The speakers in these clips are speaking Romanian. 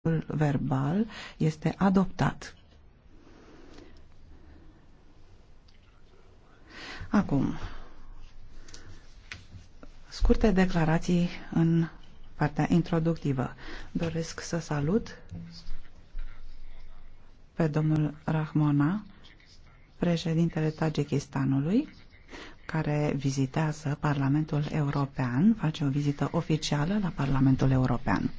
procesul verbal este adoptat. Acum, scurte declarații în partea introductivă. Doresc să salut pe domnul Rahmona, președintele Tajikistanului, care vizitează Parlamentul European, face o vizită oficială la Parlamentul European.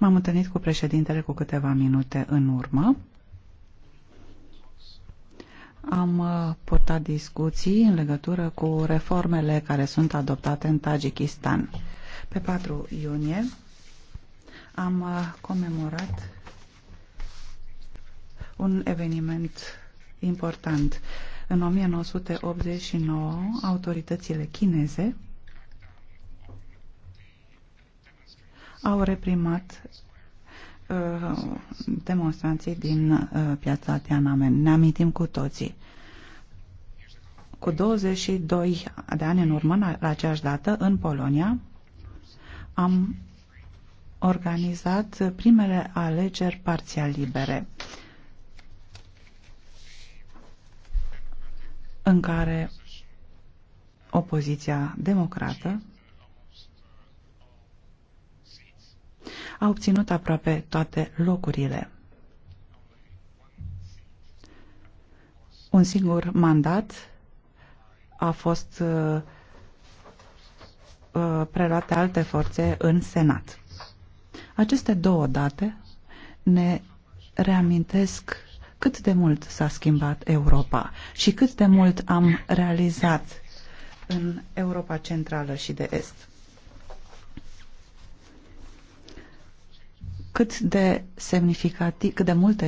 M-am întâlnit cu președintele cu câteva minute în urmă. Am uh, purtat discuții în legătură cu reformele care sunt adoptate în Tajikistan. Pe 4 iunie am uh, comemorat un eveniment important. În 1989, autoritățile chineze au reprimat uh, demonstranții din uh, piața Tiananmen. Ne amintim cu toții. Cu 22 de ani în urmă, la aceeași dată, în Polonia, am organizat primele alegeri parțial libere. în care opoziția democrată a obținut aproape toate locurile. Un singur mandat a fost de uh, uh, alte forțe în Senat. Aceste două date ne reamintesc cât de mult s-a schimbat Europa și cât de mult am realizat în Europa Centrală și de Est. cât de semnificativ, cât de multe